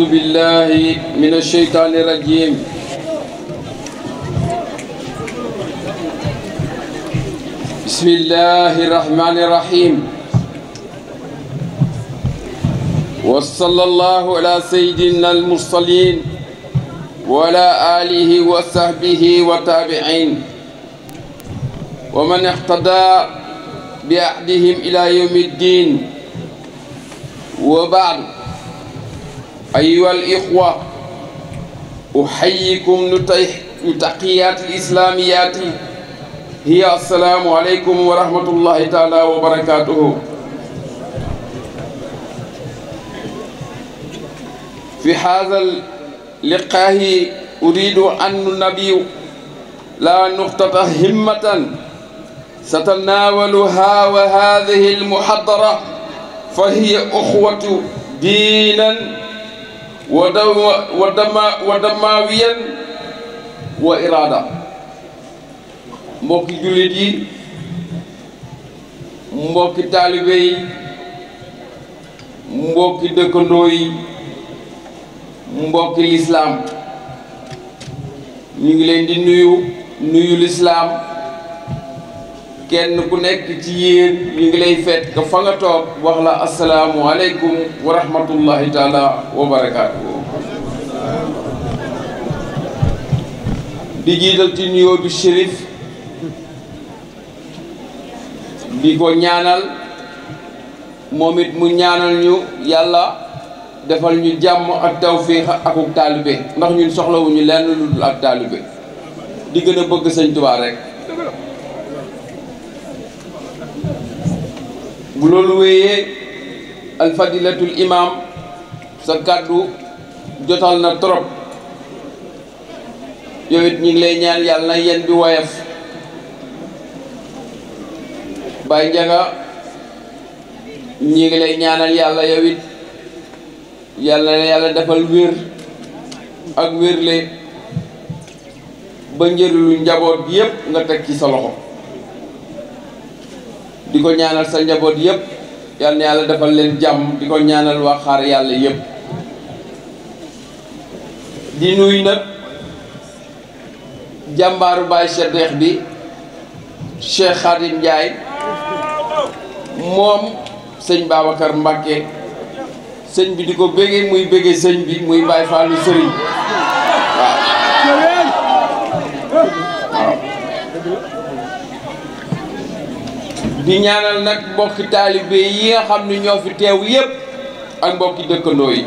أعوذ بالله من الشيطان الرجيم بسم الله الرحمن الرحيم وصلى الله على سيدنا المرسلين وعلى آله وصحبه وتابعين ومن اقتدى بأحدهم إلى يوم الدين وبعد أيها الإخوة أحييكم نتقيات الإسلاميات هي السلام عليكم ورحمة الله تعالى وبركاته في هذا اللقاء أريد أن ننبي لا نقطة همة ستناولها وهذه المحاضرة فهي أخوة دينا wa damaawiyan wa iraada mbokki jullit yi mbokki taalibe yi mbokki dëkkandoo yi mbokki lislaam ñu ngi leen di nuyu nuyu lislaam kenn ku nekk ci yéen ñu ngi lay fekk fa nga toog wax la asalaamualeykum wa rahmatullahi taala wa barakaatu. di jiital ci nuyoo bi shérif di ko ñaanal moom it mu ñaanal ñu yàlla defal ñu jàmm ak tawfiix akuk taalibe ndax ñun soxlawuñu lenn lu ak taalibe di gën a bëgg sëñ Tuubaa rek. bu loolu wéyee alfadilatul imam sa kàddu jotal na trop yow it ñu ngi lay ñaan yàlla na yen bi woyof Baye Ndiaga ñi ngi lay ñaanal yàlla yow it yàlla na yàlla defal wér ak wérle ba njëriñu njaboot bi yépp nga teg ci sa loxo di ko ñaanal sa njaboot yëpp yal yàlla defal leen jàmm di ko ñaanal waa xaar yàlla yëpp di nuyu nag jàmbaaru baay Cheikh bi Cheikh Khadim Ndiaye moom sëñ Babacar Mbacké sëñ bi di ko béggee muy béggee sëñ bi muy Baye Fallou Serigne waaw. di ñaanal nag mbokki taalibe yi nga xam ne ñoo fi teew yépp ak mbokki dëkkandoo yi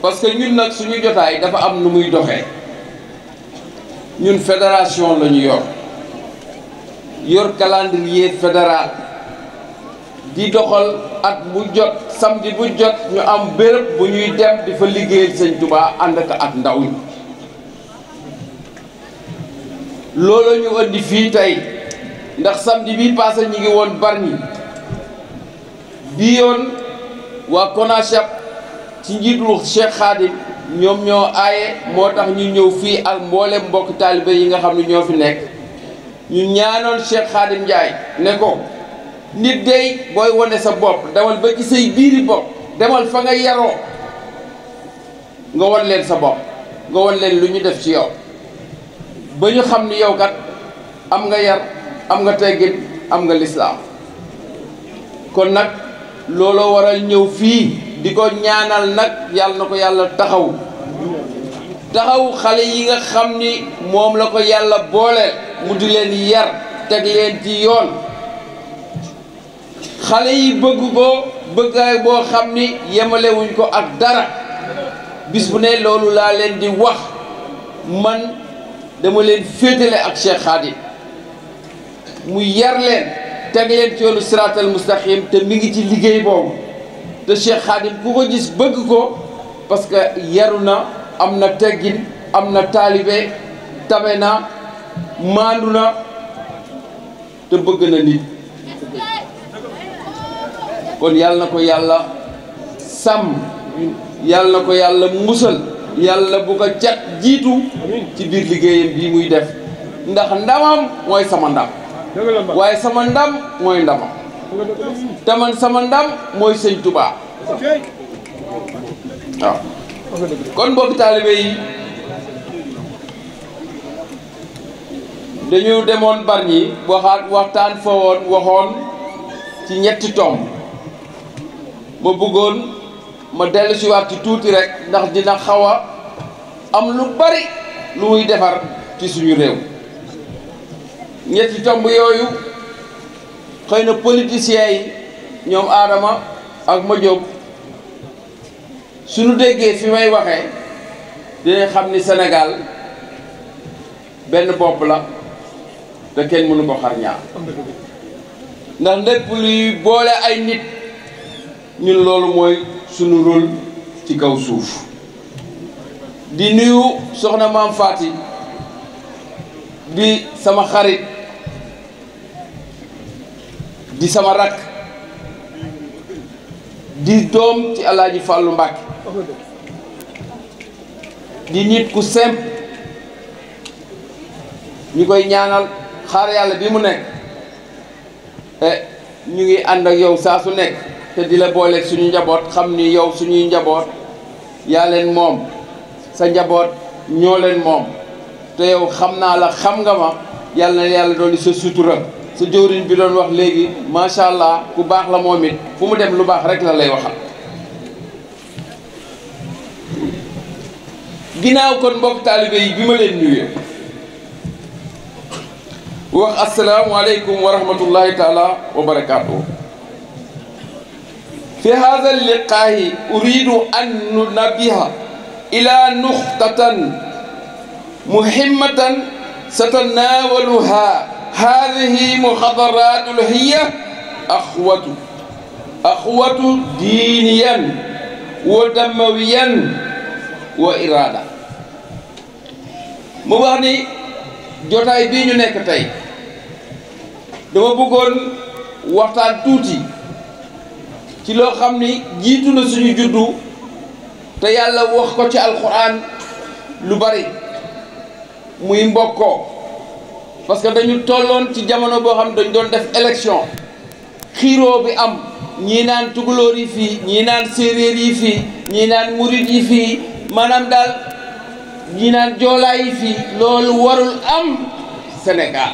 parce que ñun nag suñu jotaay dafa am nu muy doxee ñun fédération la ñu yor yor calendrier fédéral di doxal at bu jot samedi bu jot ñu am bërëb bu ñuy dem di fa liggéeyal sëñ Touba ànd ak ndaw ñi loolu ñu indi fii tey. ndax samedi bii passé ñu ngi woon Bargny bii yoon waa Konachap ci njiitul Cheikh Khadim ñoom ñoo aaye moo tax ñu ñëw fii ak mboolem mbokk taalibe yi nga xam ne ñoo fi nekk ñu ñaanoon Cheikh Khadim njaay ne ko nit day booy wane sa bopp demal ba gisee say biiri bopp demal fa nga yaroo nga won leen sa bopp nga won leen lu ñu def ci yow ba ñu xam ni yow kat am nga yar am nga teggit am nga lislaam kon nag looloo waral ñëw fii di ko ñaanal nag yàlla na ko yàlla taxaw taxaw xale yi nga xam ni moom la ko yàlla boole mu di leen yar teg leen ci yoon xale yi bëgg ko bëggaay boo xam ni yemalewuñ ko ak dara bis bu ne loolu laa leen di wax man dama leen féetale ak Cheikh Khadim mu yar leen teg leen ci yoonu siraatal mustaqim te mu ngi ci liggéey boobu te Cheikh Khadim ku ko gis bëgg ko parce que yaru na am na teggin am na taalibe tabe na maandu na te bëgg na nit kon yàlla na ko yàlla sàmm yàlla na ko yàlla musal yàlla bu ko cat jiitu ci biir liggéeyam bi muy def ndax ndamam mooy sama ndam waaye sama ndam mooy ndamam te sama ndam mooy sëñ Touba waaw kon mbokk taalibe yi dañu demoon Bargny waxaat waxtaan fa waxoon ci ñetti tomb ma bëggoon ma dellu si ci tuuti rekk ndax dina xawa am lu bari lu muy defar ci suñu réew ñetti tomb yooyu xëy na politiciens yi ñoom aadama ak ma jóg suñu déggee fi may waxe dinañ xam ni Sénégal benn bopp la te kenn mënu ko xar ndax lépp luy boole ay nit ñun loolu mooy suñu rôle ci kaw suuf di nuyu soxna maam Faati di sama xarit di sama rakk di doom ci alaaji Fàllu Mbàkke di nit ku simple ñu koy ñaanal xaar yàlla bi mu nekk eh, ñu ngi ànd ak yow saa su nekk te di la booleeg suñu njaboot xam ni yow suñuy njaboot yaa leen moom sa njaboot ñoo leen moom te yow xam naa la xam nga ma yàlla na yàlla dolli sa sutura sa jëwriñ bi wax léegi macha allah ku baax la moom it fu mu dem lu baax rek la lay waxal ginnaaw kon mbokk bi ma leen nuyee wax asalaamualeykum wa rahmatullahi taala wa fi hada liqaahi uridu an nunabiha ila nuxtatan muhimmatan satanaawaluha هذه محاضرات هي أخوة أخوة دينيا ودمويا وإرادة mu wax ni jotaay bii ñu nekk tey dama bëggoon waxtaan tuuti ci loo xam ni jiitu na suñu juddu te yàlla wax ko ci alxuraan lu bari muy mbokkoo parce que dañu tolloon ci jamono boo xam dañu doon def élection xiiroo bi am ñii naan tugalóor yi fii ñii naan séeréer yi fii ñii naan murit yi fii maanaam daal ñii naan joolaa yi fii loolu warul am Sénégal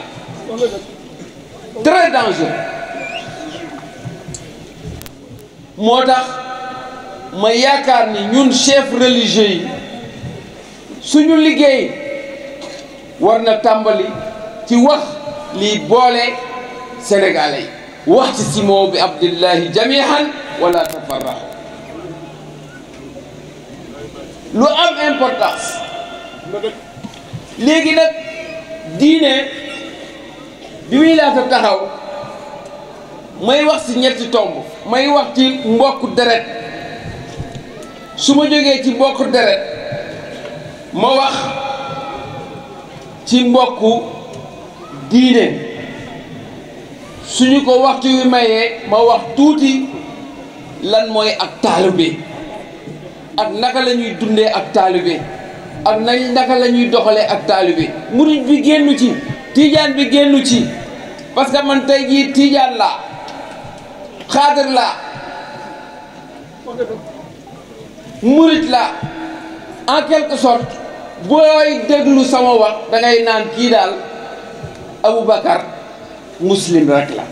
très dangereux moo tax ma yaakaar ni ñun chef religieux yi suñu liggéey war na tàmbali ci wax lii boole sénégalais yi wax ci simoo bi abdillahi jamihan wala tafarraxu lu am importance léegi nag diine bi muy laata taxaw may wax ci ñetti tomb may wax ci mbokk deret su ma jógee ci mbokk deret ma wax ci mbokku diine suñu ko waxtu wi mayee ma wax tuuti lan mooy ak taalibe ak naka la ñuy dundee ak bi ak nañ naka la ñuy doxalee ak bi murit bi génnu ci tiijaan bi génnu ci parce que man tey jii tiijaan la xaadir laa murit laa en quelque sorte booy déglu sama wax da naan kii daal Aboubacar muslim rek la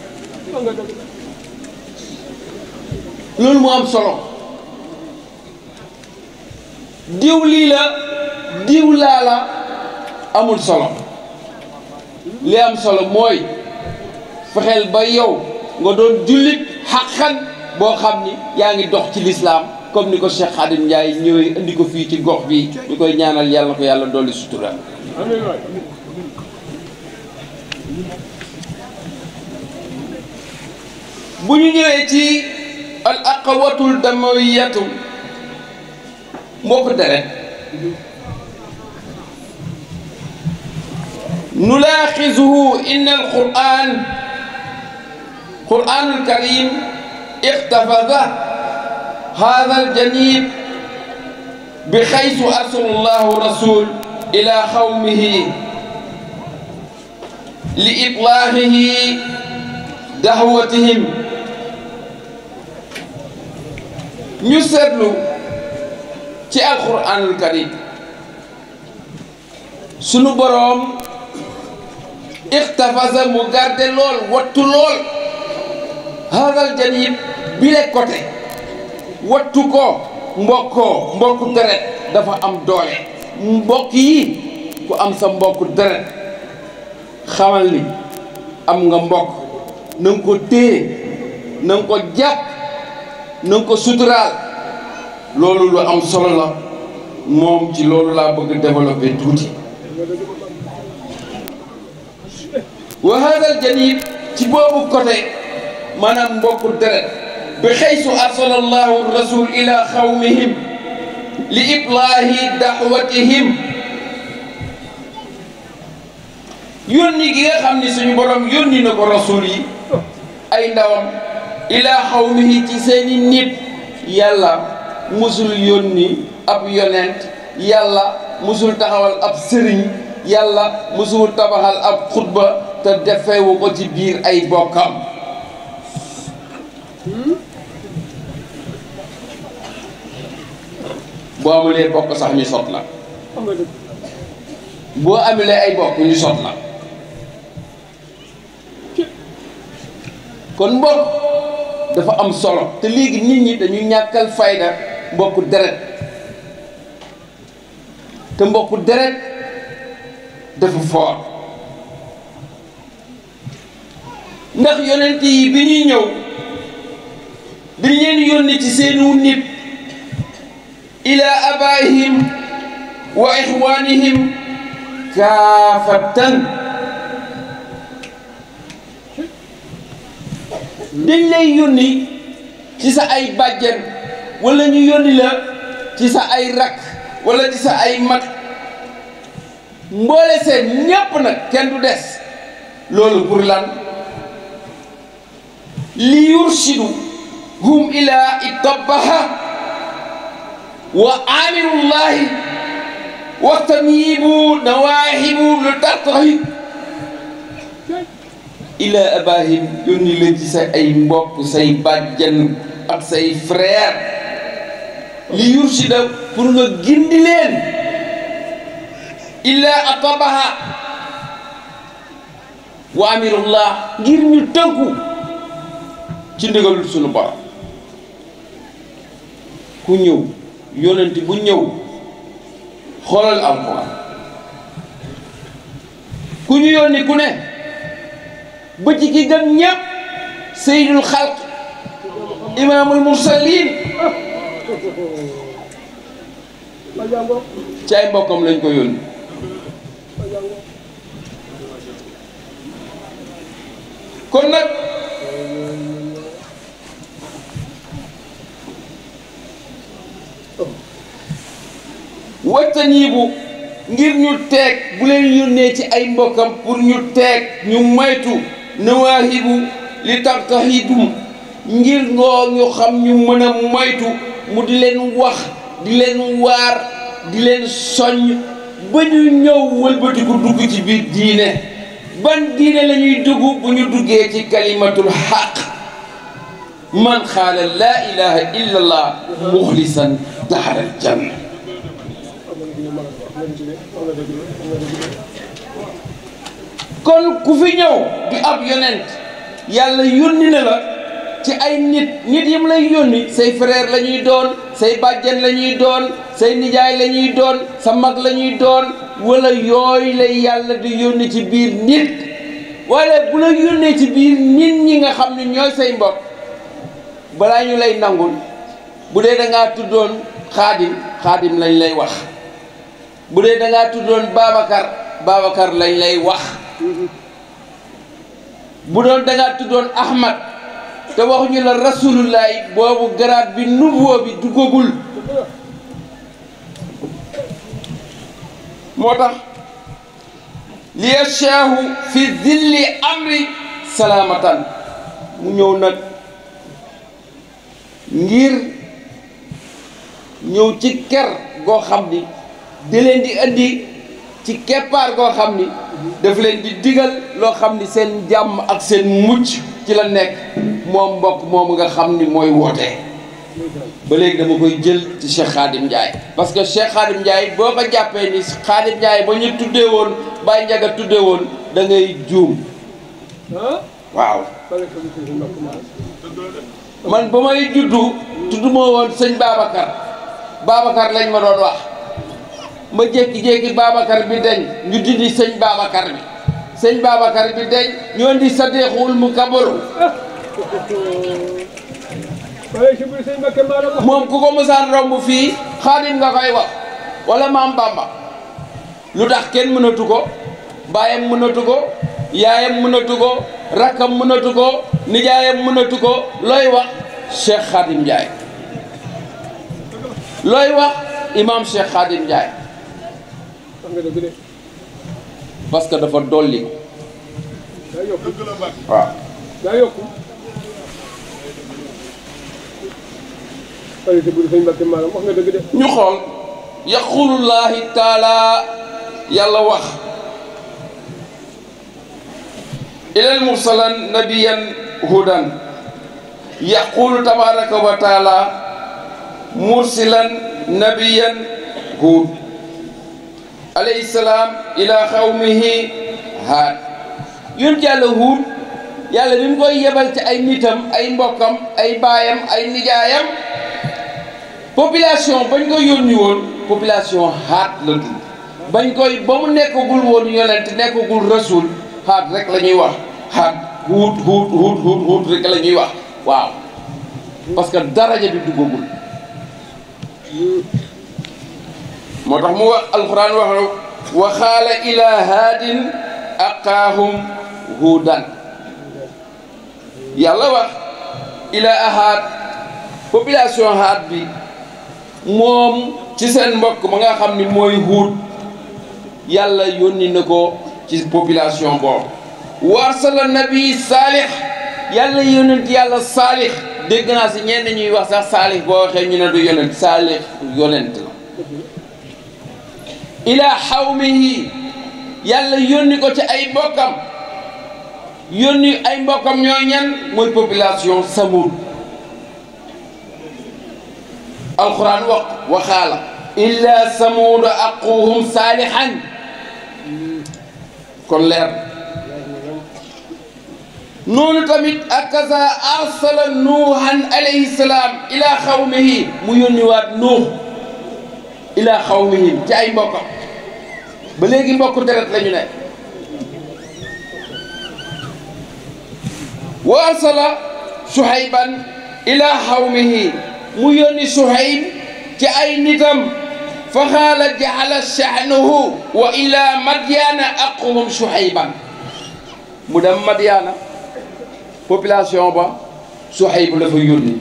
loolu mu am solo diw lii la diw laa la amul solo li am solo mooy fexeel ba yow nga doon jullit xaqan boo xam ni yaa ngi dox ci lislaam comme ni ko Cheikh Khadim Ndiaye ñëwee indi ko fii ci gox bi ñu koy ñaanal yàlla ko yàlla dolli sutura bu ñu ñëwee ci al aqawatul damawiyatu mbokk deret nulaaxizuhu inna al quran quranul karim ixtafada hada al janib bi xaysu arsalallahu rasul ila xawmihi لإبلاغه دعوتهم ñu seetlu ci alquranul karim sunu boroom ixtafasa mu garde lool wattu lool hadal janib bile côté wattu ko mbokkoo mbokku deret dafa am doole mbokk yi ku am sa mbokku deret xamal ni am nga mbokk na ko téye na ko jàpp na ko suturaal loolu lu am solo la moom ci loolu laa bëgg développer tuuti wa hadal janib ci boobu côté maanaam mbokku deret bi xaysu arsala allahu rasul ila xawmihim li iblaahi daxwatihim yónni gi nga xam ni suñu borom yónni na ko rasul yi ay ndawam ilaa xawmihi ci seeni nit yàlla musul yónni ab yonent yàlla musul taxawal ab sëriñ yàlla musul tabaxal ab xutba te defewu ko ci biir ay bokkam boo amulee bokk sax ñu sot la boo amulee ay bokk ñu sot la kon mbokk dafa am solo te léegi nit ñi dañuy ñàkkal fayda mbokku deret te mbokku deret dafa foor ndax yonent yi bi ñuy ñëw dañ leen yónnee ci seenu nit ila abaihim wa ixwanihim kaafatan dañ lay yónni ci sa ay bàjjen walla ñu yónni la ci sa ay rakk wala ci sa ay mag mboole seen ñépp nag kenn du des loolu pour lan li yurshidu hum ilaa ittabaha wa amirullahi waxtaniibu nawaahibu lu tartahi ila abahim yónni la ci sa ay mbokk say jën ak say frère li yursida pour nga gindi leen illa atabaha wa amirullah ngir ñu tënku ci ndigalul sunu borom ku ñëw yonenti bu ñëw xoolal alquran ku ñu yónni ku ne ba ci ki gën seydul xalq imaamul mursalin ci ay mbokkam lañ ko yónni kon nag wattaniibu ngir ñu teeg bu leen yónnee ci ay mbokkam pour ñu teeg ñu moytu nawaahibu li tartahidum ngir ngoo ñu xam ni mën a moytu mu di leen wax di leen waar di leen soññ ba ñu ñëw wëlbatiku dugg ci biir diine ban diine la ñuy dugg bu ñu duggee ci kalimatul xaq man xaala laa ilaha illa daxalal janna kon ku fi ñëw di ab yonent yàlla yónni ne la ci ay nit nit yim lay yónni say frère lañuy doon say bàjjan la ñuy doon say nijaay lañuy doon sa mag lañuy doon wala yooyu lay yàlla di yónni ci biir nit wala bu la yónnee ci biir nit ñi nga xam ni ñooy say mbokk balaa ñu lay nangul bu dee da ngaa tuddoon xaadim xaadim lañ lay wax bu dee da ngaa tuddoon Babacar Babacar lañ lay wax bu doon dangaa tuddoon Ahmad te waxuñu la rasulullahi boobu garaat bi nouveau bi duggagul moo tax liya chaahu fi zilli amri salaamatan mu ñëw nag ngir ñëw ci ker goo xam ni di leen di andi ci keppaar goo xam ni daf leen di digal loo xam ni seen jàmm ak seen mucc ci la nekk moom mbokk moomu nga xam ni mooy woote ba léegi dama koy jël ci Cheikh Khadim Ndiaye parce que Cheikh Khadim Ndiaye boo ko jàppee ni Khadim Ndiaye ba ñu tuddee woon Baye Ndiaga tuddee woon da ngay juum waaw man ba may juddu tudd moo woon sëñ Babacar Babacar lañ ma doon wax ma jékki-jékki Babacar bi deñ ñu dindi sëñ Babacar bi sëñ Babacar bi deñ ñoo di sadeexul mu kabaru moom ku ko mosaan romb fii xaadim nga koy wax walla maam Bamba lu tax kenn mënatu ko baayam mënatu ko yaayam mënatu ko rakkam mënatu ko nijaayam mënatu ko looy wax Cheikh Khadim Ndiaye looy wax imam Cheikh Khadim Ndiaye parce que dafa dolli waaw daa yokku wax nga dëgg de ñu xool yaqulullahi taala yàlla wax ilal nabiyan hudan yaqulu tabaraka wa mursilan nabiyan hud alayhi salaam ila xawmihi haat yonent yàlla huut yàlla bi mu koy yebal ci ay nitam ay mbokkam ay baayam ay nijaayam population bañ ko yónni woon population haat la tudd bañ koy ba mu nekkagul woon yonent nekkagul rasul haat rek la ñuy wax haat huut huut huut huut rek la ñuy wax waaw parce que daraja bi duggagul moo tax mu wax alquran wax wa xaala ila haadin aqaahum huudan yàlla wax ila ahaad population haad bi moom ci seen mbokk ma nga xam ni mooy huud yàlla yónni na ko ci population boobu wa arsala nabi saalix yàlla yónent yàlla saalix dégg naa si ñenn ñuy wax sax saalix boo waxee ñu ne du saalix yónent ilaa xawmihi yàlla yónni ko ci ay mbokkam yónni ay mbokkam ñoo ñan mooy population Samuud alquran wax waxaala illa samuudu aquuhum saalihan kon leer noonu tamit akaza arsala nuuhan alayhi salaam ila xawmihi mu yónni waat nuux ilaa xawmihim ci ay mbokkam ba léegi mbokku deret la ñu ne wa arsala suhayban ilaa xawmihi mu yónni suhayb ci ay nitam fa xaala jaala sha'nuhu wa ilaa madyaana aquhum suhayban mu dem madyaana population ba suhayb la fa yónni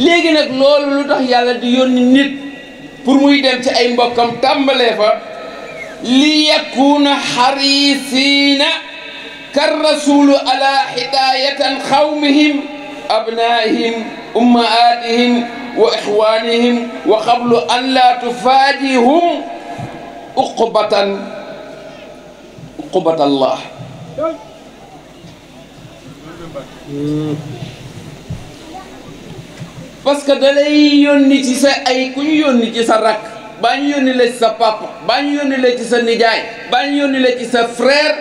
léegi nag loolu lu tax yàlla di yónni nit pour muy dem ci ay mbokkam tàmbalee fa li yakuuna xarisiina kar rasulu ala hidayatan xawmihim abnaihim ummaatihim wa ixwanihim wa qablu an laa tufaadihum uqubatan uqubat allah parce que da lay yónni ci sa ay ku ñu yónni ci sa rakk baa ñu yónni la ci sa papa baa ñu yónni la ci sa nijaay baa ñu yónni la ci sa frère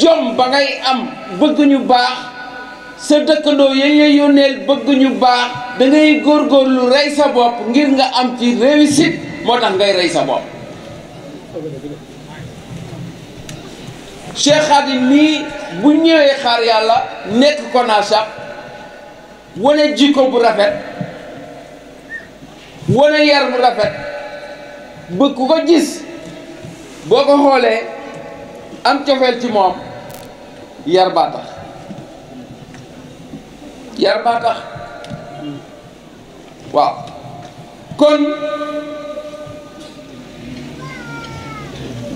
jom ba ngay am bëgg ñu baax sa dëkkandoo yañ lay yónneel bëgg ñu baax da góor góorlu rey sa bopp ngir nga am ci réussite moo tax ngay rey sa bopp Cheikh nii bu ñëwee xaar yàlla nekk ko naa sax wane jikko bu rafet wane yar bu rafet ba ku ko gis boo ko xoolee am cofeel ci moom yar baa tax yar baa tax waaw kon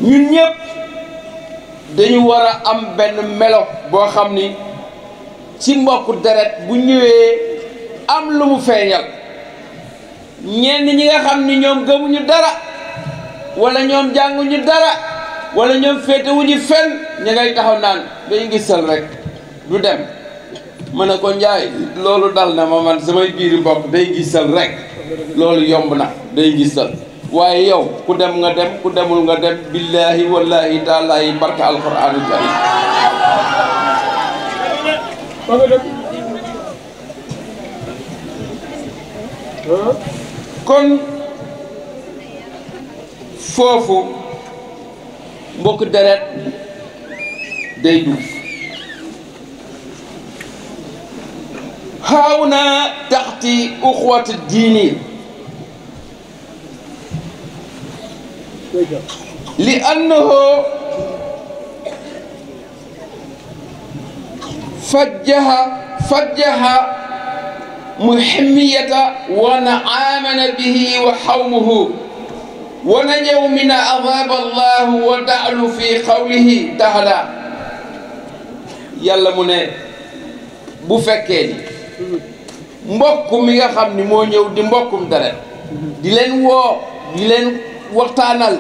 ñun ñëpp dañu war a am benn melo boo xam ni ci mbokku deret bu ñëwee am lu mu feeñal ñenn ñi nga xam ni ñoom gëmuñu dara wala ñoom jànguñu dara walla ñoom féetewuñu fenn ña ngay taxaw naan day gisal rek du dem mën a ko njaay loolu dal na ma man samay biiri mbokk day gisal rek loolu yomb na day gisal waaye yow ku dem nga dem ku demul nga dem billaahi wallaahi taalaahi barka alquraanu karim fa nga dëkk kon foofu mbokk deret day duuf xaaw naa taxti uxwat diini li annahu فجه فجه محمية ونعامنا به وحومه ونجوا من عذاب الله ودعلوا في قوله تعالى يلا من bu fekkee ni mbokk mi nga xam ni moo ñëw di mbokkum dara di leen woo di leen waxtaanal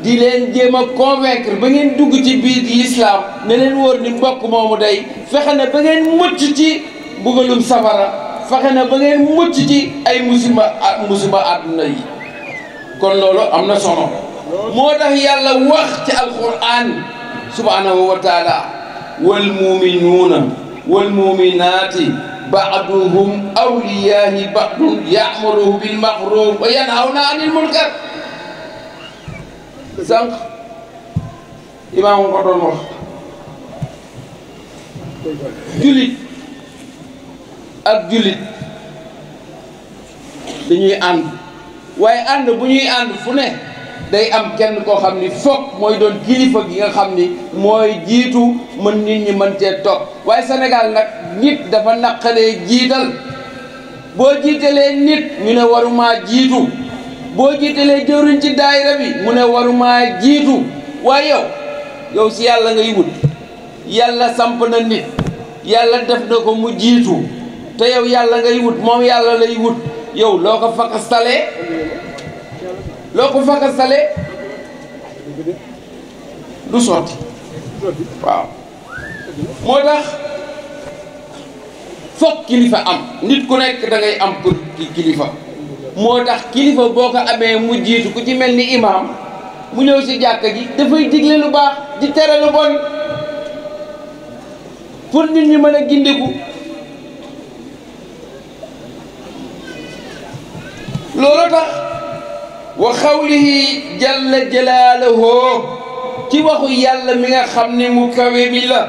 di leen jéem a convaincre ba ngeen dugg ci biir l'islam ne leen wóor ni mbokk moomu day fexe na ba ngeen mucc ci bugalum safara fexe na ba ngeen mucc ci ay musiba ah, musiba àdduna yi kon loolu am na solo moo tax yàlla wax ci alquran subhanahu wa taala wal muminuuna wal muminaati baaduhum awliyahi baadun yaamuruhu bilmaxruf wa yanhawna anil munkar sànq imaamu ko doon wax jullit ak jullit dañuy ànd waaye ànd bu ñuy ànd fu ne day am kenn koo xam ni foog mooy doon kilifa gi nga xam ni mooy jiitu mën nit ñi mën cee waaye senegal nag nit dafa naqaree jiital boo jiitalee nit ñu ne waruma jiitu boo jiitalee jëwriñ ci daayira bi mu ne waruma jiitu waaye yow yow si yàlla ngay wut yàlla samp na nit yàlla def na ko mu jiitu te yow yàlla ngay wut moom yàlla lay wut yow loo ko fakastalee loo ko fakastalee du sotti waaw moo tax foog kilifa am nit ku nekk dangay ngay am pour kilifa moo tax kilifa boo ko amee mu jiitu ku ci mel ni imaam mu ñëw si jàkka ji dafay digle lu baax di tere lu bon pour nit ñi mën a gindiku loolu tax wa xawlihi jalla jalaaluhu ci waxu yàlla mi nga xam ne mu kawe mi la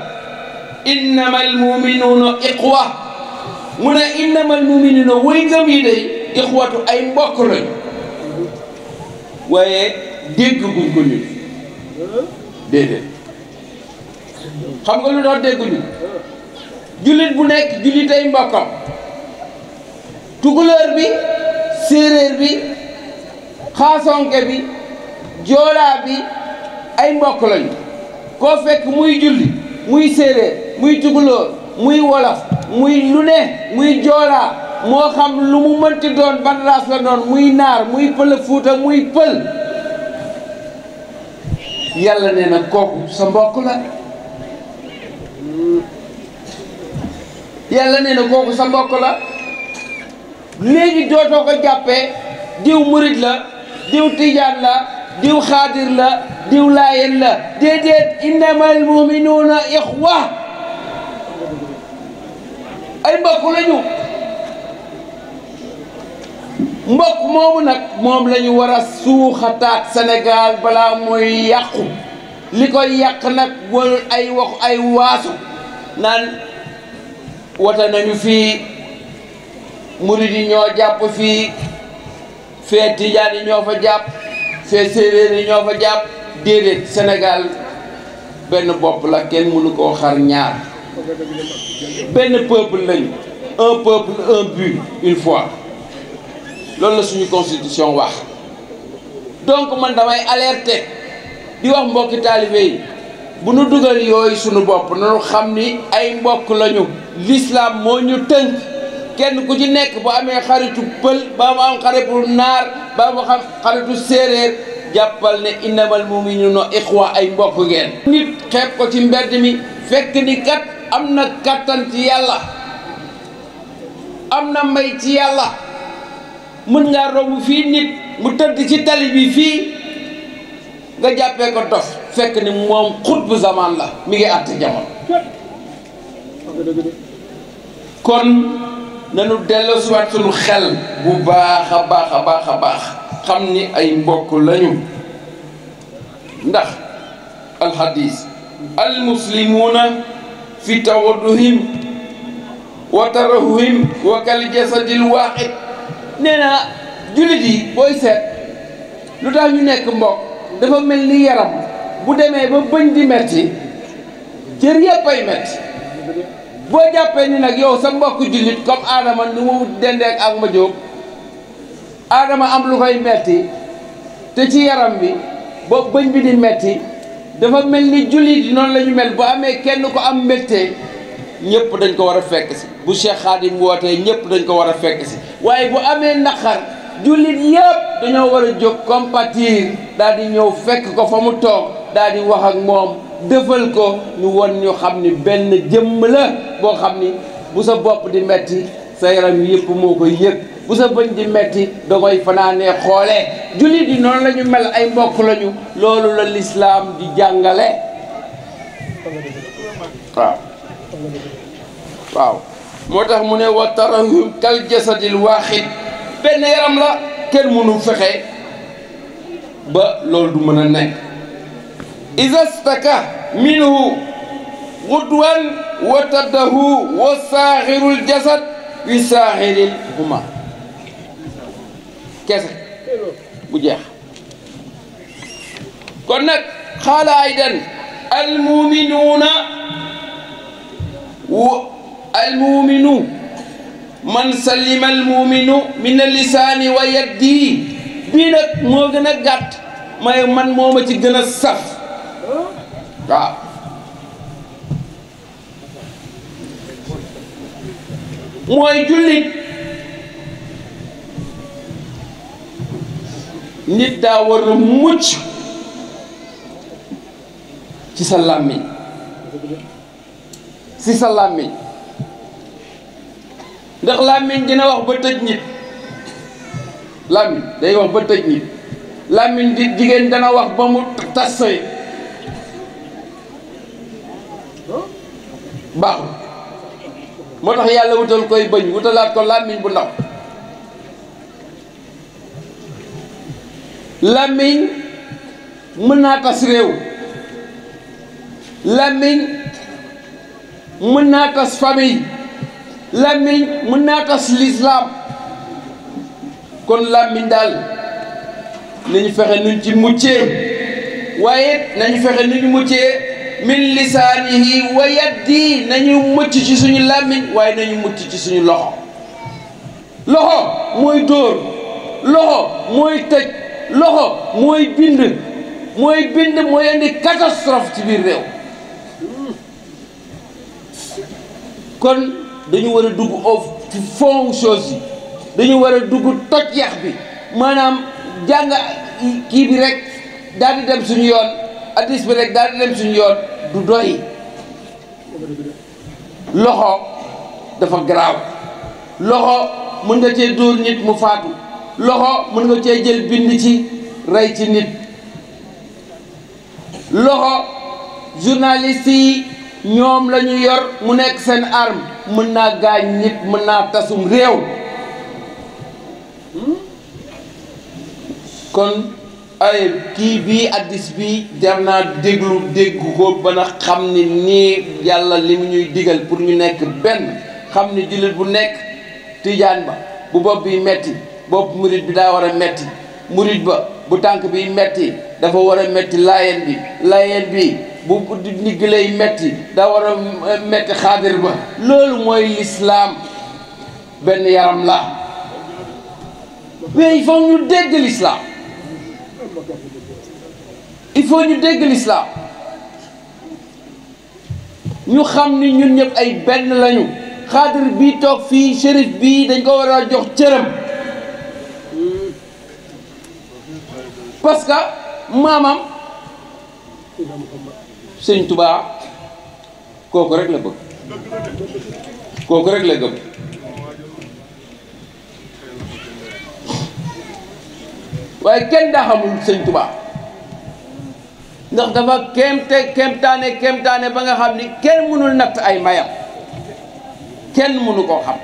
innama almuminuuna iqwa mu ne innama almuminuuna way ngëm yi day ixwatu ay mbokk lañ waaye dégg guñ ko ñun xam nga lu tax dégguñu jullit bu nekk jullit ay mbokkam tukulóor bi séeréer bi xaasonke bi joolaa bi ay mbokk lañu koo fekk muy julli muy séeréer muy tukulóor muy wolof muy lu ne muy jooraa moo xam lu mu mënti doon ban la doon muy naar muy pël fuuta muy pël yàlla nee na kooku sa mbokk la yàlla nee sa mbokk la léegi dootoo ko jàppee diw murit la diw tijaan la diw xaadir la diw laayen la déedéet innamal muminuuna ixwa ay mbokk lañu mbokk moomu nag moom lañu war a suuxataat Sénégal balaa mooy yàqu li ko yàq nag warul ay wax ay waasu naan wata nañu fii murid yi ñoo jàpp fii fee tijaan yi ñoo fa jàpp fee séeréer ñoo fa jàpp déedéet Sénégal benn bopp la kenn mënu koo xar ñaar benn peuple lañu un peuple un but foi loolu suñu constitution wax donc man damay alerte di wax mbokki taalibe yi bu nu dugal yooyu suñu bopp nanu xam ni ay mbokk lañu l'islam moo ñu tënk kenn ku ci nekk bu amee xaritu pël ba mu am xaritu naar ba mu xam xaritu séeréer jàppal ne innamal mu'minuna ixwa ay mbokk ngeen nit xeeb ko ci mbedd mi fekk ni kat am na kattan ci yàlla am na may ci yàlla mën ngaa romb fii nit mu tëdd ci tali bi fii nga jàppee ko dof fekk ni moom xutbu zaman la mi ngi àtte jamono kon nanu delloo siwaat suñu xel bu baax a baax a baax a baax xam ni ay mbokk lañu ndax alxadis almuslimuuna fi tawadduhim wa tarahuhim wa kal nee na jullit yi booy seet lu tax ñu nekk mbokk dafa mel ni yaram bu demee ba bëñ di metti cër yëpp ay metti boo jàppee ni nag yow sa mbokk jullit comme Adama nu mu dendeek am ma jóg Adama am lu koy metti te ci yaram bi ba bëñ bi di metti dafa mel ni jullit yi noonu la ñu mel bu amee kenn ko am méttee ñépp dañ ko war a fekk si bu Cheikh Khadim wootee ñëpp dañ ko war a fekk si waaye bu amee naqar jullit yëpp dañoo war a jóg compatir daal di ñëw fekk ko fa mu toog daal di wax ak moom dëfal ko ñu won ñu xam ni benn jëmm la boo xam ni bu sa bopp di metti sa yaram yëpp moo koy yëg bu sa bëñ di metti da koy fanaanee xoolee jullit yi noonu la mel ay mbokk lañu loolu la lislaam di jàngale waaw waaw moo tax mu ne wa tarahum kal jasadil waaxid benn yaram la kenn mënu fexe ba loolu du mën a nekk isastaka minhu gudwan wa taddahu wa saaxirul jasad wi saaxiril huma kese bu jeex kon nag xaala aydan almuminuuna المؤمن man salima almuminu min alisaani wa yaddi moo gën a gàtt may man moo ma ci gën a saf waaw mooy jullit nit daa war mucc ci sa làmmiñ ci sa làmmiñ ndax làmmiñ dina wax ba tëj nit làmmiñ ba tëj làmmiñ di jigéen dana wax ba mu tas sëy baaxul moo tax yàlla wutal koy bëñ wutalaat ko làmmiñ bu ndaw làmmiñ mën naa tas réew làmmiñ mën naa tas famille làmmiñ mën naa tas lislaam kon làmmiñ daal nañu fexe nuñ ci muccee waaye nañu fexe nuñ muccee min lisaanihi wa yaddi nañu mucc ci suñu làmmiñ waaye nañu mucc ci suñu loxo loxo mooy dóor loxo mooy tëj loxo mooy bind mooy bind mooy indi catastrophe ci biir réew kon dañu war a dugg au ci yi dañu war a dugg toj yax bi maanaam jàng kii bi rek daal di dem suñu yoon addis bi rek daal dem suñu yoon du doy loxo dafa garaaw loxo mën nga cee dóor nit mu faatu loxo mën nga cee jël bind ci rey ci nit loxo journaliste yi ñoom la yor mu nekk seen arme mën naa gaañ nit mën naa tasum réew hmm? kon ay kii bii addis bi jar naa déglu dégg ko ba na xam ni nii yàlla li mu ñuy digal pour ñu nekk benn xam ni jullit bu nekk tiijaan ba bu bopp bi metti bopp murit bi daa war a metti murit ba bu tànk bi metti dafa war a metti laayeen bi laayeen bi bu guddi ndigg lay metti da war a eh, metti xaadir ba loolu mooy lislaam benn yaram la mais il faut ñu dégg lislaam il faut ñu dégg lislaam ñu xam ni ñun ñëpp ay benn lañu xaadir bi toog fii shérif bi dañ ko war a jox cëram parce que maamam sëñ tubaa kooku rek la bëgg kooku rek la gëm waaye kenn daa xamul sëñ tubaa ndax dafa kéemte kéemtaane kéemtaane ba nga xam ni kenn mënul natt ay mayam kenn mënu koo xam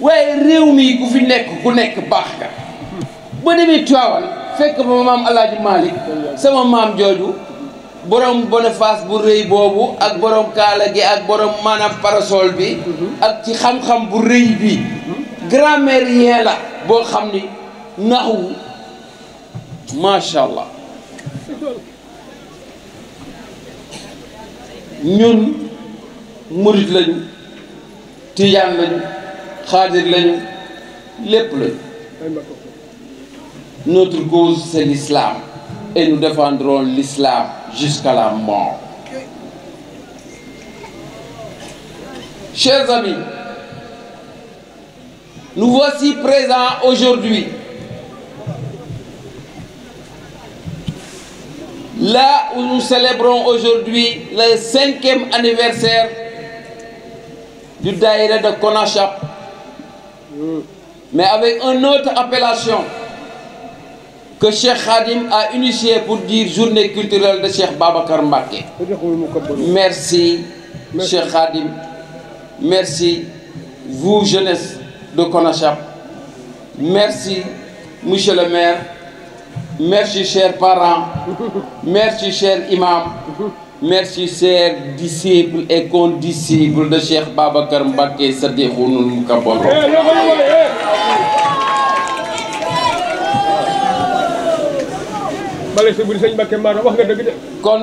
waaye réew mi ku fi nekk ku nekk baax ka ba demee Tiwaawan fekk ba maam Alaaji Maalik sama maam jooju borom Boniface bu rëy boobu ak borom kaala gi ak boroom maanaam parasol bi mhm. ak ci xam-xam bu rëy bi mhm. grammaire yee la boo xam ni naxwu macha allah ñun murit lañu tijaan lañu xaadir lañu lépp lañu notre cause c'est lislaam et nous défendrons jusqu'à la mort. Chers amis, nous voici présents aujourd'hui. Là nous célébrons aujourd'hui le cinquième anniversaire du Daïra de Konachap, mm. mais avec une autre appellation. que Cheikh Khadim a initié pour dire journée culturelle de Cheikh Babacar Mbacké. Merci, Merci, Cheikh Merci, vous, jeunesse de Konachap. Merci, monsieur le maire. Merci, chers parents. Merci, chers imams. Merci, chers disciples et condisciples de Cheikh Babacar Mbacké Sadikhounou Kaboro. Eh, bale sa buri sëñ Mbakke Mara kon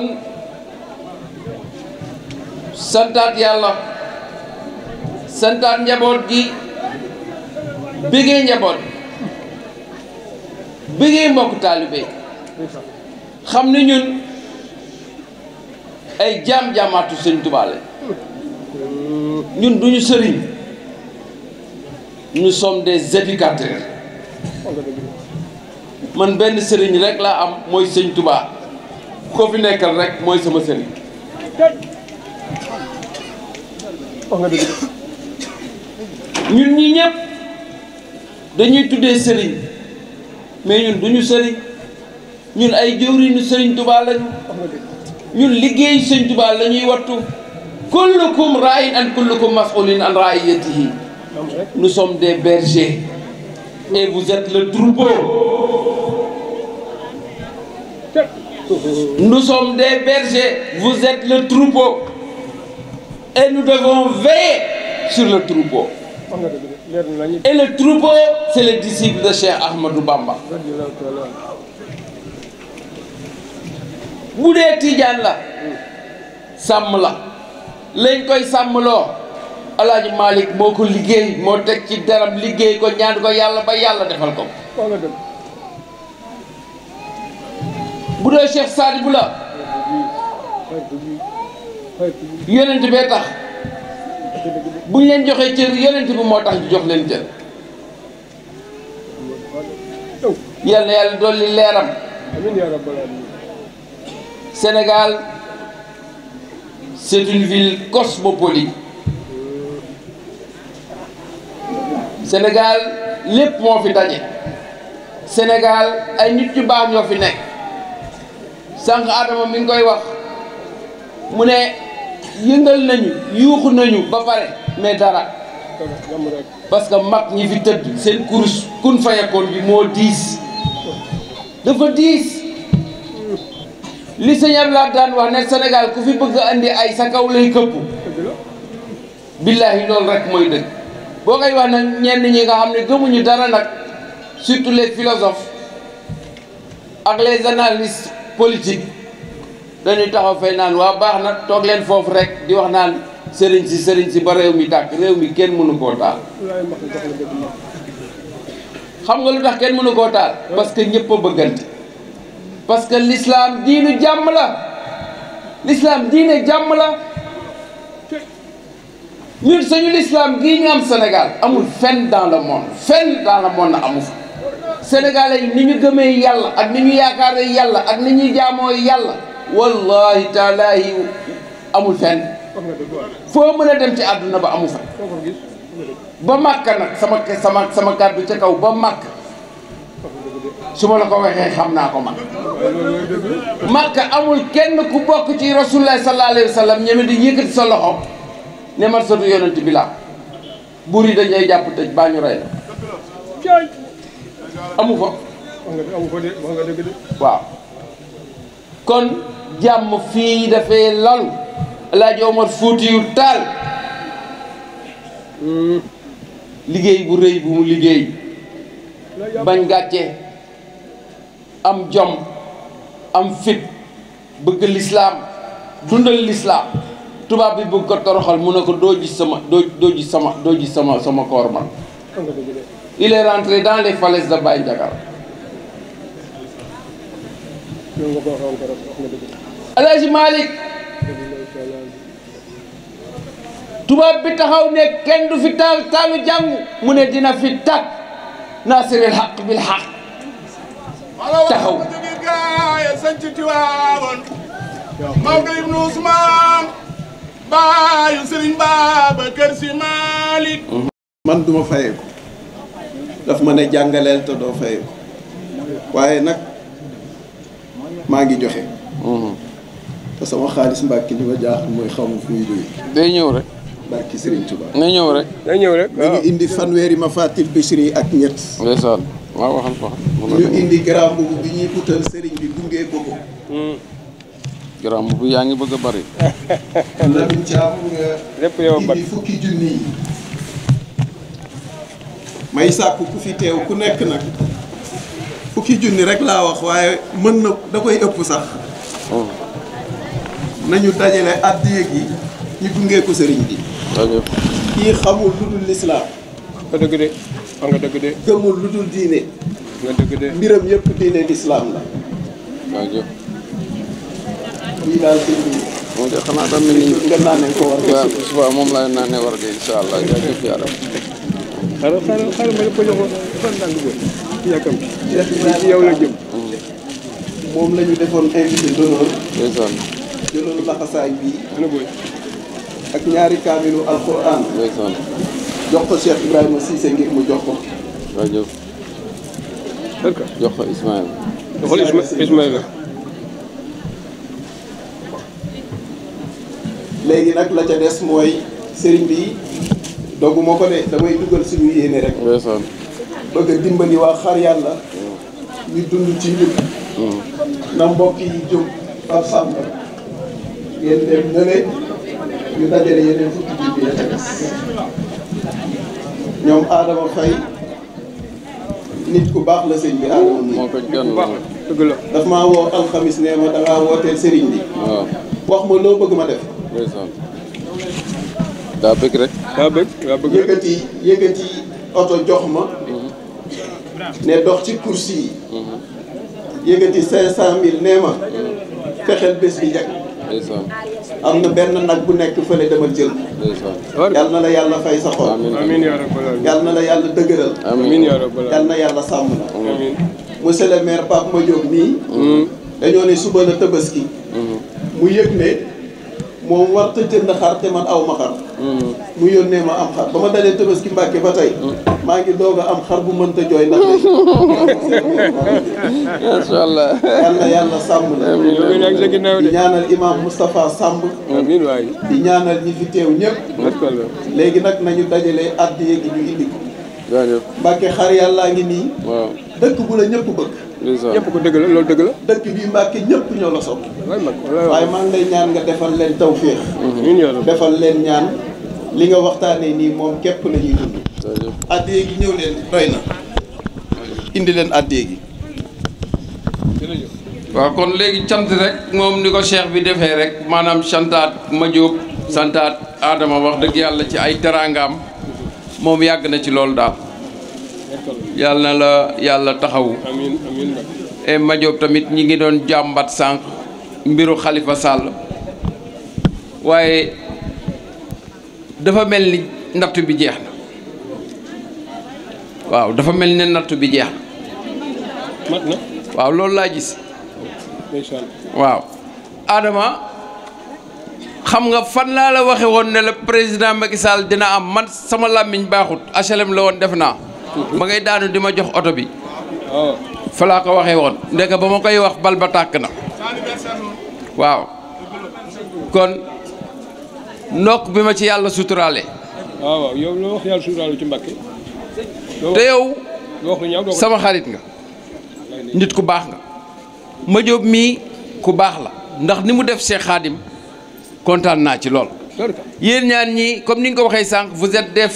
santaat yàlla santaat njaboot gi bëggee njaboot bëggee mbokk taalibe xam ne ñun ay jaam-jaamaatu sëñ Tuubaa la ñun duñu sëriñ nous sommes des éducateurs man benn sëriñ rek laa am mooy sëñ Touba ko fi nekkal rek mooy sama sëriñ wax ñun ñi ñëpp dañuy tuddee sëriñ mais ñun duñu sëriñ ñun ay jëwriñu sëriñ Touba lañu ñun liggéey sëñ Touba la ñuy wattu kullukum raayin an kullukum mas'ulin an raayiyatihi nous sommes des bergers et vous êtes le troupeau Nous sommes des bergers, vous êtes le troupeau. Et nous devons veiller sur le troupeau. Et le troupeau, c'est le disciple de Cheikh Ahmadou Bamba. bu dee tiijaan la sàmm la lañ koy sàmmloo alaaji Malick boo ko liggéey moo teg ci daram liggéey ko ñaan ko yàlla ba yàlla defal ko bu dee Cheikh Saadi bu la yonent bee tax buñ leen joxee cër yonent bi moo tax ñu jox leen cër yal na yàlla dolli leeram Sénégal c'est une ville cosmopolite Sénégal lépp moo fi daje Sénégal ay nit yu baax ñoo fi nekk sànq Adama mi ngi koy wax mu ne yëngal nañu yuuxu nañu ba pare mais dara parce que mag ñi fi tëdd seen kurus kun fayakoon bi moo diis dafa diis li sëñ laa daan wax ne Sénégal ku fi bëgg indi ay sa kaw lay këpp billaahi loolu rek mooy dëgg boo koy wax nag ñenn ñi nga xam ne gëmuñu dara nag surtout les philosophes ak les analystes politique dañuy taxaw fay naan waa baax na toog leen foofu rek di wax naan sëriñ si sëriñ si ba réew mi tàkk réew mi kenn mënu koo taal xam nga lu tax kenn mënu koo taal parce que ñëpp bëggante parce que l'islam diinu jàmm la l'islam diine jàmm la ñun suñu l'islam gii ñu am Sénégal amul fenn dans le monde fenn dans le monde na amul fa sénégalais yi ni ñu gëmee yàlla ak ni ñu yaakaaree yàlla ak ni ñuy jaamoo yàlla wallahi taalaahi amul fenn foo mën a dem ci àdduna ba amu fa ba màkk nag sama sama kàddu ca kaw ba màkk su ma la ko waxee xam naa ko man màkk amul kenn ku bokk ci rasulullah sallallahu alayhi wa ñeme di yëkkati sa loxo ne man sotu yonent bi laa buur yi dañuy jàpp tëj baa ñu rey la amu fa amu fa de waaw kon jàmm fii dafay lal Alaaji Omar Fuutiyu Taal liggéey bu rëy bu mu liggéey bañ gàcce am jom am fit bëgg lislaam dundal lislaam tubaab bi bëgg ko toroxal mu ne ko doo gis sama doo doo gis sama doo gis sama sama koor man il est rentré dans les falaises de Baye Ndiakhar Alaaji Malick tubaab bi taxaw ne kenn du fi taal taalu jàngu mu ne dina fi tàkk naasiril xaq bil xaq taxaw Maodo ibnu Ousmane baayu Serigne Babacar Sy Malick man duma fayee ko daf ma ne jàngaleel te doo fayu waaye nag maa ngi joxe mhm. te sama xaalis mbàkki li ma jaaxal mooy xamu fu muy jóge day ñëw rek barki Serigne Touba na ñëw rek day ñëw rek ñu indi fanweeri ma fatil Bichri ak ñett ndeysaan waaw waxal ko ñu indi garaam boobu bi ñuy utal Serigne bi gungee ko ko hmm. garaam ngi bëgg a bari may sàkku ku fi teew ku nekk nag fukki junni rek laa wax waaye mën na da koy ëpp sax nañu dajale addiya gi ñu dungee ko sëriñ bi kii xamul lu dul lislaam nga dëgg de dul diine nga dëgg de mbiram yëpp diine lislaam la lii daal moom de xanaa dam na ni nga naanee ko war waaw suba moom laa naanee war ga xaaral xaaral xaaral ma ne ko joxoon fan ndànk ba yàkkam ci yow la jëm moom la defoon invité d'honneur ndeysaan laxasaay bi ana ak ñaari kaamilu alquran ndeysaan jox ko Cheikh Ibrahima Cissé ngir mu jox ko rajo jox ko Ismaël léegi nag la ca des mooy sëriñ bi doogu moo ko de damay dugal suñu yéene rek bëgg a dimbali waa xar yàlla ñu dund ci njub na mbokk yi jóg par sàmm dem nële ñoom Adama Faye nit ku baax la sëñ bi Adama moo ko gën la dëgg maa woo alxamis ne ma dangaa wooteel sëriñ bi wax ma loo bëgg ma def daa bëgg rek. daa bëgg daa bëgg oto jox ma. Mhm. ne dox ci course yi. Mhm. yëkkati cinq cent mille nee ma. Mhm. fexeel bés bi jag. am na benn nag bu nekk fële demal jël. yal na la yàlla fay sa xol. amiin yaa yal na la yàlla dëgëral. amiin yaa yal na yàlla sàmm la. amiin monsieur le maire Pape nii. dañoo ne suba la tabaski. mu yëg ne. moom war ta jënd xar te man aw ma xar mu yónnee ma am xar ba ma dajee Tabaski Mbàkke ba tey maa ngi doog a am xar bu mënta jooy ndax macha allah yàlla yàlla sàmm la di ñaanal imam Moustapha Samb amiin waay di ñaanal ñi fi teew ñëpp léegi nag nañu dajale addiye gi ñu indi ko Mbàkke xar yàllaa ngi nii dëkk bu la ñëpp bëgg ñëpp ko dëgg la loolu dëgg la dëkk bi Mbàkke ñëpp ñoo la sopp waaye maa ngi lay ñaan nga defal leen tawféex mm-hmm, defal leen ñaan li nga waxtaanee nii moom képp la ñuy dund addee gi ñëw leen doy na indi leen addee gi waaw kon léegi cant rek moom ni ko cheikh bi defee rek maanaam santaat ma jóob aadama wax dëgg yàlla ci ay teraangaam moom yàgg na ci loolu daal yàlla na la yàlla taxawu amiin amiin e tamit ñi ngi doon jàmbat sànq mbiru Khalifa Sall waaye dafa mel ni natt bi jeex na waaw dafa mel ne natt bi jeex waaw loolu laa gis waaw aadama xam nga fan naa la waxe woon ne la président Macky Sall dina am man sama làmmiñ baaxut HLM la woon def naa ba ngay daanu di ma jox oto bi falaa ko waxee woon ndeke ba ma koy wax bal ba tàkk na waaw kon ndokk bi ma ci yàlla suturaale yow loo wax te yow sama xarit nga nit ku baax nga ma jóob mii ku baax la ndax ni mu def Cheikh Khadim kontaan naa ci lool yéen ñaan ñi comme ni nga ko waxee sànq vous êtes des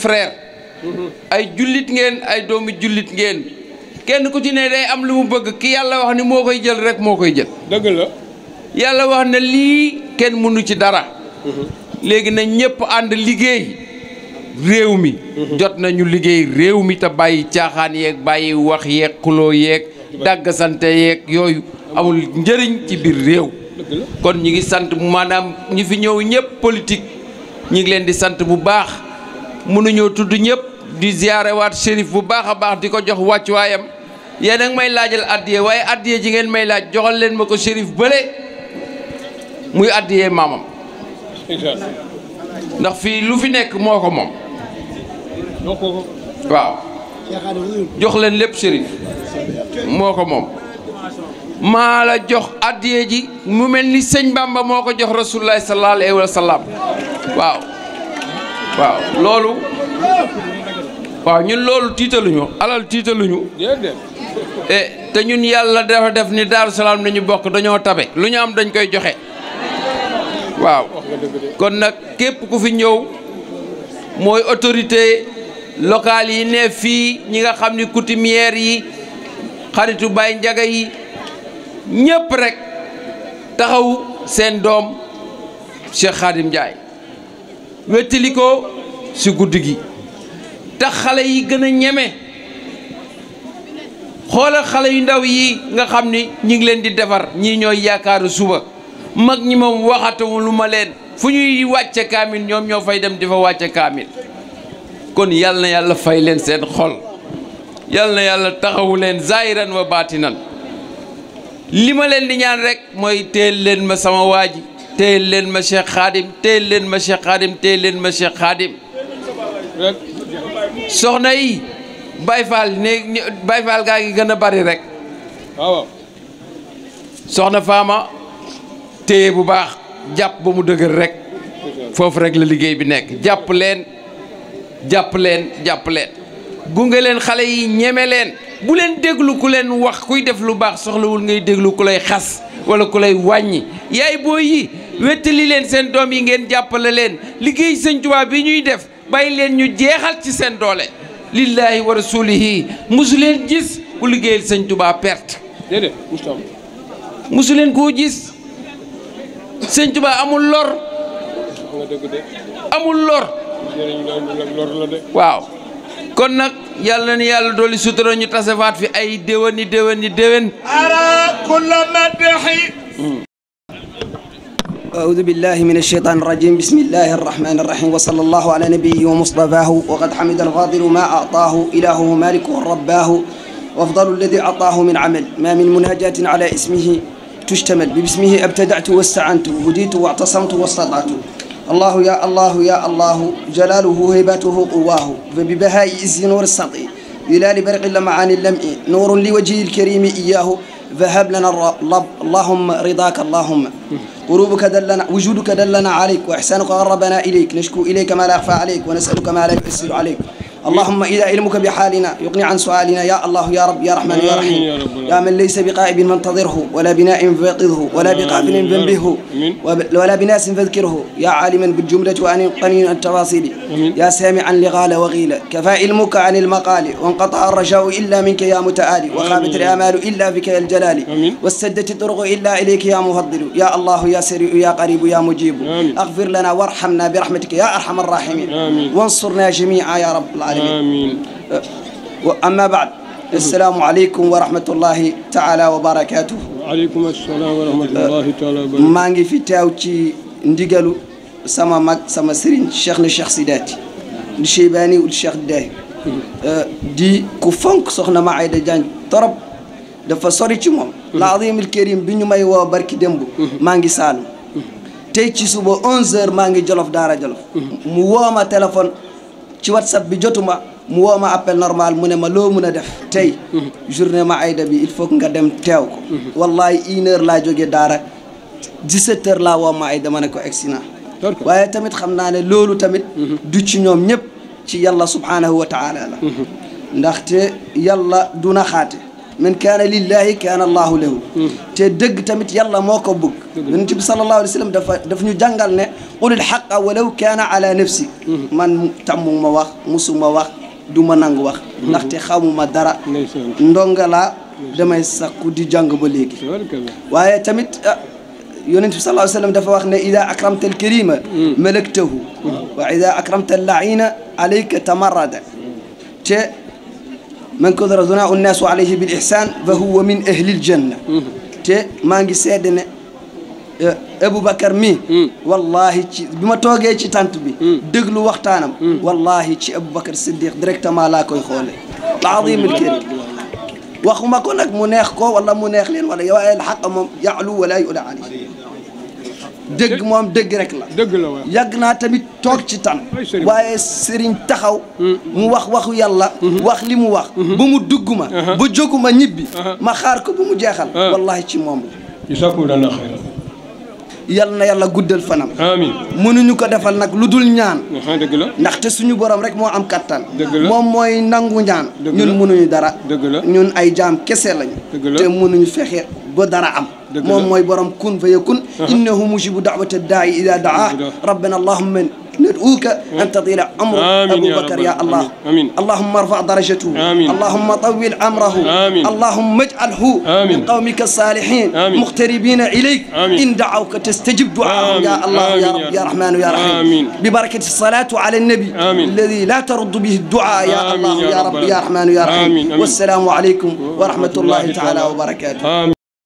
ay jullit ngeen ay doomi jullit ngeen kenn ku ci ne day am lu mu bëgg ki yàlla wax ni moo koy jël rek moo koy jël. dëgg yàlla wax na lii kenn mënu ci dara. Mhm. léegi na ñëpp ànd liggéey réew mi. Mhm. jot nañu liggéey réew mi te bàyyi caaxaan yeeg bàyyi wax yeeg xuloo yeeg dàggasante yeeg yooyu amul njëriñ ci biir réew. kon ñi ngi sant maanaam ñi fi ñëw ñëpp politique ñi ngi leen di sant bu baax mënuñoo tudd ñëpp. di ziyaarewaat shérif bu baax a baax di ko jox wàccuwaayam yéen a may laajal addiye waaye addiye ji ngeen may laaj joxal leen ma ko shérif bële muy addiye maamam ndax fii lu fi nekk moo ko moom waaw jox leen lépp shérif moo ko moom maa la jox addiye ji mu mel ni sëñ Bamba moo ko jox rasulullah sallallahu alayhi wa sallam waaw waaw loolu waaw ñun loolu tiitaluñu alal tiitaluñu eh, te ñun yàlla dafa def ni Daaru Salaam nañu bokk dañoo tabe lu ñu am dañ koy joxe waaw kon nag képp ku fi ñëw mooy autorité locale yi ne fii ñi nga xam ni coutumière yi xaritu Baye Ndiaga yi ñépp rek taxaw seen doom Cheikh Khadim Ndiaye wettali ko si guddi gi te xale yi gën a ñeme xoolal xale yu ndaw yi nga xam ni ñi ngi leen di defar ñii ñooy yaakaaru suba mag ñi moom waxatawu lu ma leen fu ñuy wàcce kaamil ñoom ñoo fay dem di fa wàcce kaamil kon yàlla na yàlla fay leen seen xol yal na yàlla taxawu leen zaahiran wa baatinan li ma leen di ñaan rek mooy teel leen ma sama waa ji teel leen ma Cheikh Khadim teel leen ma Cheikh Khadim teel leen ma Cheikh Khadim soxna yi Baye Fall ne Baye gaa ngi gën a bari rek waaw soxna Fama téye bu baax jàpp ba mu dëgër rek foofu rek la liggéey bi nekk jàpp leen jàpp leen jàpp leen gunge leen xale yi ñeme leen bu leen déglu ku leen wax kuy def lu baax soxlawul ngay déglu ku lay xas wala ku lay wàññi yaay booy yi wettali leen seen doom yi ngeen jàppale leen liggéey sëñ Tuubaa bi ñuy def bàyyi leen ñu jeexal ci seen doole lillahi wa rasulihi musu leen gis ku liggéeyal sëñ tubaa perte déedéet musu leen koo gis sëñ tubaa amul lor amul lor waaw kon nag yàlla na yàlla dooli sutura ñu tasefaat fi ay déwéni déwéni déwén ara kulla madhi أعوذ بالله من الشيطان الرجيم بسم الله الرحمن الرحيم وصلى الله على نبيه ومصطفاه وقد حمد الفاضل ما أعطاه إلهه مالك رباه وأفضل الذي أعطاه من عمل ما من مناجاة على اسمه تشتمل باسمه ابتدعت واستعنت وهديت واعتصمت واستطعت الله يا الله يا الله جلاله هيبته قواه فببهاء عز نور السطع بلال برق اللمعان اللمع نور لوجهه الكريم إياه فهب لنا اللهم رضاك اللهم قربك دلنا وجودك دلنا عليك وإحسانك قربنا إليك نشكو إليك ما لا يخفى عليك ونسألك ما لا يؤثر عليك اللهم إذا علمك بحالنا يغني عن سؤالنا يا الله يا رب يا رحمن يا رحيم يا من ليس بقائب منتظره ولا بناء فيقظه ولا بقافل فانبهه ولا بناس فاذكره يا عالما بالجملة وأن قنين التفاصيل يا سامعا لغال وغيل كفى علمك عن المقال وانقطع الرجاء إلا منك يا متعالي وخابت الآمال إلا بك يا الجلال والسدت الطرق إلا إليك يا مفضل يا الله يا سريع يا قريب يا مجيب أغفر لنا وارحمنا برحمتك يا أرحم الراحمين وانصرنا جميعا يا رب العالمين العالمين أما بعد السلام عليكم ورحمة الله تعالى وبركاته وعليكم السلام ورحمة الله تعالى وبركاته maa ngi fi teew ci ndigalu sama mag sama sëriñ Cheikh na Cheikh Sidaati di Cheybani ul Cheikh Day di ku fonk soxna ma Ayda Diagne torop dafa sori ci moom laazimil karim bi ñu may woo barki démb maa ngi Saalum tey ci suba 11 heures maa ngi Jolof Daara Jolof mu woo ma téléphone ci whatsapp bi jotuma mu woo ma appel normal mu ne ma loo mun a def tey journée ma ayda bi il faut nga dem teew ko wallahi une heure laa jógee daara 17 heures laa woo ma ayda ma ne ko egsi naa waaye tamit xam naa ne loolu tamit du ci ñoom ñëpp ci yàlla subhanahu wa taala la ndaxte yàlla du naxaate man kaana lillahi kaana allahu lahu hmm. te dëgg tamit yàlla moo ko bëgg yonent bi sallallahu alayhi wa sallam ñu jàngal ne qulil xaqa walaw kaana ala nafsi man tàmmu ma wax musuma wax du ma nangu wax ndaxte xamuma dara ndonga laa damay sakku di jàng ba léegi waaye tamit ah, yonent bi sallallahu alayhi wa sallam dafa wax ne ida akramta alkarima malaktahu wa ida akramta allaina alayka tamarrada te man kadara dunaa unnaasu alayhi bil ihsan fa huwa min ahli aljanna te maa ngi seede ne eh, Aboubacar mi hmm. wallahi ci bi ma toogee ci tant bi hmm. déglu waxtaanam hmm. wallahi ci Aboubacar Siddiq directement laa koy xoole laazimul karim waxuma ko nag mu neex ko wala mu neex leen wala waaye alxaq moom yaalu wala yuda ali dëgg moom dëgg rek la dëgg la waaw yàgg naa tamit toog ci tan waaye sëriñ taxaw mu wax waxu yàlla wax li mu wax ba mu dugg ma uh-huh. ba jóguma ñibbi uh-huh. ma xaar ko ba mu jeexal uh-huh. wallahi ci moom la yal na yàlla guddal fanam. amiin mënuñu ko defal nag lu dul ñaan. dëgg la ndaxte suñu borom rek moo am kattan. moom mooy nangu ñaan. ñun mënuñu dara. dëgg ñun ay jaam kese lañu. te mënuñu fexe ba dara am. moom mooy borom kun fa yakun. innahu mujibu da'wata daa'i idaa da'aa rabbana allahumma ندعوك أن تطيل عمر أبو بكر يا الله اللهم ارفع درجته اللهم طول عمره اللهم اجعله من قومك الصالحين مقتربين إليك إن دعوك تستجب دعاهم يا الله يا رب يا رحمن يا رحيم ببركة الصلاة على النبي الذي لا ترد به الدعاء يا الله يا رب يا رحمن يا رحيم والسلام عليكم ورحمة الله تعالى وبركاته